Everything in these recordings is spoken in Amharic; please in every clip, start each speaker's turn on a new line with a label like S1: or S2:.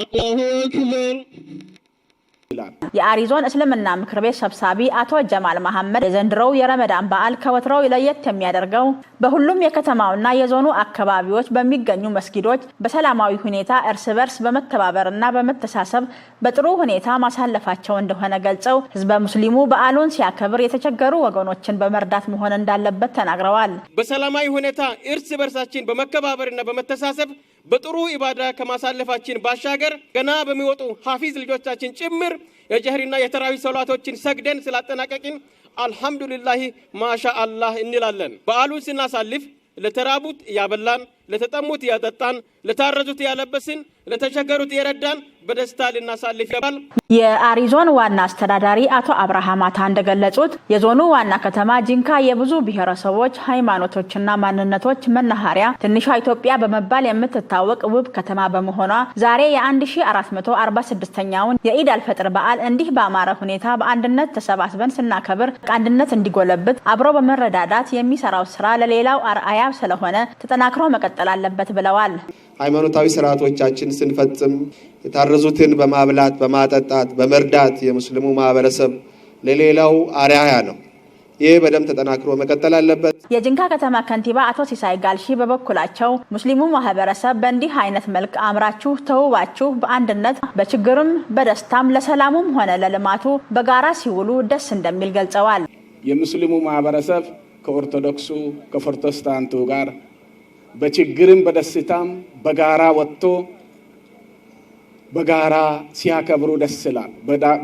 S1: আল্লাহু আকবার
S2: ይላል። የአሪዞን እስልምና ምክር ቤት ሰብሳቢ አቶ ጀማል መሐመድ የዘንድሮው የረመዳን በዓል ከወትሮው ለየት የሚያደርገው በሁሉም የከተማውና የዞኑ አካባቢዎች በሚገኙ መስጊዶች በሰላማዊ ሁኔታ እርስ በርስ በመተባበርና በመተሳሰብ በጥሩ ሁኔታ ማሳለፋቸው እንደሆነ ገልጸው ህዝበ ሙስሊሙ በዓሉን ሲያከብር የተቸገሩ ወገኖችን በመርዳት መሆን እንዳለበት ተናግረዋል።
S3: በሰላማዊ ሁኔታ እርስ በርሳችን በመከባበርና በመተሳሰብ በጥሩ ኢባዳ ከማሳለፋችን ባሻገር ገና በሚወጡ ሀፊዝ ልጆቻችን ጭምር የጀህሪና የተራዊ ሰላቶችን ሰግደን ስላጠናቀቅን አልሐምዱሊላህ ማሻ አላህ እንላለን። በዓሉን ስናሳልፍ ለተራቡት እያበላን ለተጠሙት ያጠጣን፣ ለታረዙት ያለበስን፣ ለተቸገሩት የረዳን በደስታ
S2: ልናሳልፍ ይገባል። የአሪ ዞን ዋና አስተዳዳሪ አቶ አብርሃ ማታ እንደገለጹት የዞኑ ዋና ከተማ ጂንካ የብዙ ብሔረሰቦች ሃይማኖቶችና ማንነቶች መናኸሪያ ትንሿ ኢትዮጵያ በመባል የምትታወቅ ውብ ከተማ በመሆኗ ዛሬ የ1446ኛውን የኢድ አልፈጥር በዓል እንዲህ በአማረ ሁኔታ በአንድነት ተሰባስበን ስናከብር አንድነት እንዲጎለብት አብሮ በመረዳዳት የሚሰራው ስራ ለሌላው አርአያ ስለሆነ ተጠናክሮ መቀጠል መቀጠል አለበት
S4: ብለዋል። ሃይማኖታዊ ስርዓቶቻችን ስንፈጽም የታረዙትን በማብላት በማጠጣት፣ በመርዳት የሙስሊሙ ማህበረሰብ ለሌላው አርአያ ነው። ይህ
S2: በደንብ ተጠናክሮ መቀጠል አለበት። የጅንካ ከተማ ከንቲባ አቶ ሲሳይ ጋልሺ በበኩላቸው ሙስሊሙ ማህበረሰብ በእንዲህ አይነት መልክ አምራችሁ ተውባችሁ በአንድነት በችግርም በደስታም ለሰላሙም ሆነ ለልማቱ በጋራ ሲውሉ ደስ እንደሚል ገልጸዋል።
S5: የሙስሊሙ ማህበረሰብ ከኦርቶዶክሱ ከፕሮቴስታንቱ ጋር በችግርም በደስታም በጋራ ወጥቶ በጋራ ሲያከብሩ ደስ ይላል።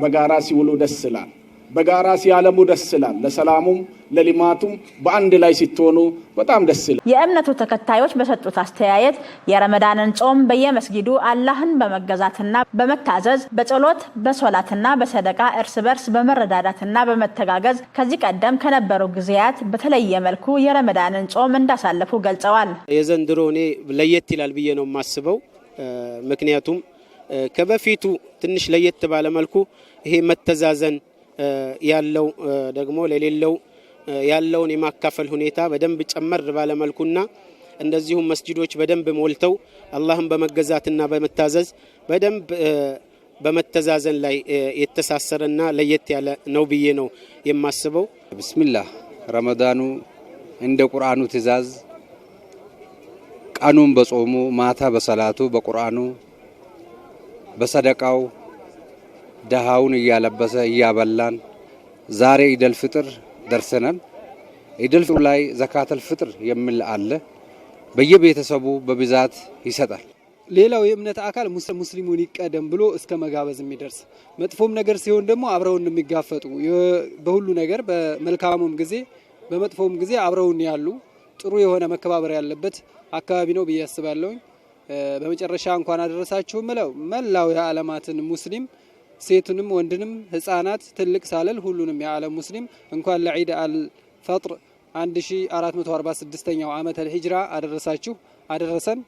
S5: በጋራ ሲውሉ ደስ ይላል። በጋራ ሲያለሙ ደስ ይላል። ለሰላሙም ለልማቱም በአንድ ላይ ሲትሆኑ
S2: በጣም ደስ ይላል። የእምነቱ ተከታዮች በሰጡት አስተያየት የረመዳንን ጾም በየመስጊዱ አላህን በመገዛትና በመታዘዝ በጸሎት በሶላትና በሰደቃ እርስ በርስ በመረዳዳትና በመተጋገዝ ከዚህ ቀደም ከነበሩ ጊዜያት በተለየ መልኩ የረመዳንን ጾም እንዳሳለፉ
S6: ገልጸዋል። የዘንድሮ እኔ ለየት ይላል ብዬ ነው የማስበው ምክንያቱም ከበፊቱ ትንሽ ለየት ባለ መልኩ ይሄ መተዛዘን ያለው ደግሞ ለሌለው ያለውን የማካፈል ሁኔታ በደንብ ጨመር ባለመልኩና እንደዚሁም መስጂዶች በደንብ ሞልተው አላህን በመገዛትና በመታዘዝ በደንብ በመተዛዘን ላይ የተሳሰረና ለየት ያለ ነው ብዬ ነው የማስበው።
S7: ብስሚላህ ረመዳኑ እንደ ቁርአኑ ትእዛዝ ቀኑን በጾሙ ማታ በሰላቱ በቁርአኑ በሰደቃው ደሃውን እያለበሰ እያበላን ዛሬ ኢደል ፍጥር ደርሰናል። ኢደል ፍጥር ላይ ዘካተል ፍጥር የሚል አለ። በየቤተሰቡ በብዛት ይሰጣል።
S8: ሌላው የእምነት አካል ሙስሊሙን ይቀደም ብሎ እስከ መጋበዝ የሚደርስ መጥፎም ነገር ሲሆን ደግሞ አብረውን የሚጋፈጡ በሁሉ ነገር በመልካሙም ጊዜ በመጥፎም ጊዜ አብረውን ያሉ ጥሩ የሆነ መከባበር ያለበት አካባቢ ነው ብዬ አስባለሁኝ። በመጨረሻ እንኳን አደረሳችሁ ምለው መላው የዓለማትን ሙስሊም ሴትንም ወንድንም ህጻናት ትልቅ ሳለል ሁሉንም የዓለም ሙስሊም እንኳን ለዒድ አልፈጥር 1446ኛው ዓመት ልሂጅራ አደረሳችሁ አደረሰን።